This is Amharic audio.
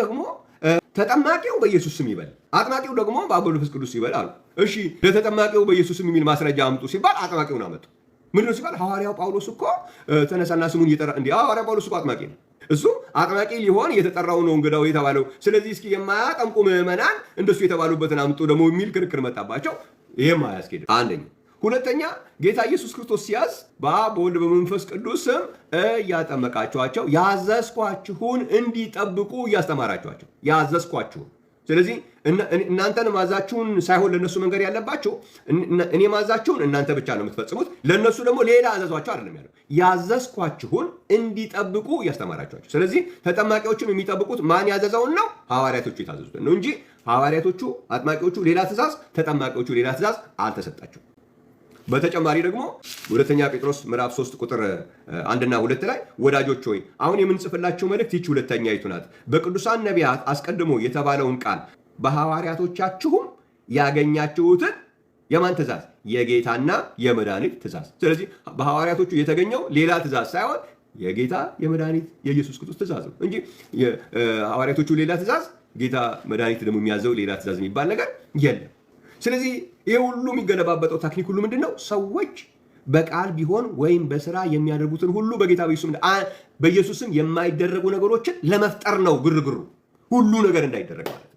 ደግሞ ተጠማቂው በኢየሱስ ስም ይበል፣ አጥማቂው ደግሞ በአብ በመንፈስ ቅዱስ ይበል አሉ። እሺ ለተጠማቂው በኢየሱስ ስም የሚል ማስረጃ አምጡ ሲባል አጥማቂውን አመጡ። ምንድነው ሲባል ሐዋርያው ጳውሎስ እኮ ተነሳና ስሙን እየጠራ እንዲ ሐዋርያው ጳውሎስ እኮ አጥማቂ ነው እሱ አጥማቂ ሊሆን የተጠራው ነው እንግዳው የተባለው። ስለዚህ እስኪ የማያጠምቁ ምዕመናን እንደሱ የተባሉበትን አምጡ ደግሞ የሚል ክርክር መጣባቸው። ይህም አያስኬድም አንደኛ ሁለተኛ ጌታ ኢየሱስ ክርስቶስ ሲያዝ በአብ በወልድ በመንፈስ ቅዱስ ስም እያጠመቃችኋቸው ያዘዝኳችሁን እንዲጠብቁ እያስተማራችኋቸው ያዘዝኳችሁን ስለዚህ እናንተን ማዛችሁን ሳይሆን ለእነሱ መንገድ ያለባችሁ እኔ ማዛችሁን እናንተ ብቻ ነው የምትፈጽሙት። ለእነሱ ደግሞ ሌላ አዘዟቸው አይደለም ያለው፣ ያዘዝኳችሁን እንዲጠብቁ እያስተማራችኋቸው። ስለዚህ ተጠማቂዎችም የሚጠብቁት ማን ያዘዘውን ነው? ሐዋርያቶቹ የታዘዙትን ነው እንጂ ሐዋርያቶቹ አጥማቂዎቹ ሌላ ትእዛዝ፣ ተጠማቂዎቹ ሌላ ትእዛዝ አልተሰጣቸው በተጨማሪ ደግሞ ሁለተኛ ጴጥሮስ ምዕራፍ 3 ቁጥር አንድና ሁለት ላይ ወዳጆች ሆይ አሁን የምንጽፍላቸው መልእክት ይች ሁለተኛ ናት፣ በቅዱሳን ነቢያት አስቀድሞ የተባለውን ቃል በሐዋርያቶቻችሁም ያገኛችሁትን የማን ትእዛዝ? የጌታና የመድኃኒት ትእዛዝ። ስለዚህ በሐዋርያቶቹ የተገኘው ሌላ ትእዛዝ ሳይሆን የጌታ የመድኃኒት የኢየሱስ ክርስቶስ ትእዛዝ ነው እንጂ የሐዋርያቶቹ ሌላ ትእዛዝ፣ ጌታ መድኃኒት ደግሞ የሚያዘው ሌላ ትእዛዝ የሚባል ነገር የለም። ስለዚህ ይህ ሁሉ የሚገለባበጠው ታክኒክ ሁሉ ምንድን ነው? ሰዎች በቃል ቢሆን ወይም በስራ የሚያደርጉትን ሁሉ በጌታ በኢየሱስ ስም የማይደረጉ ነገሮችን ለመፍጠር ነው ግርግሩ፣ ሁሉ ነገር እንዳይደረግ ማለት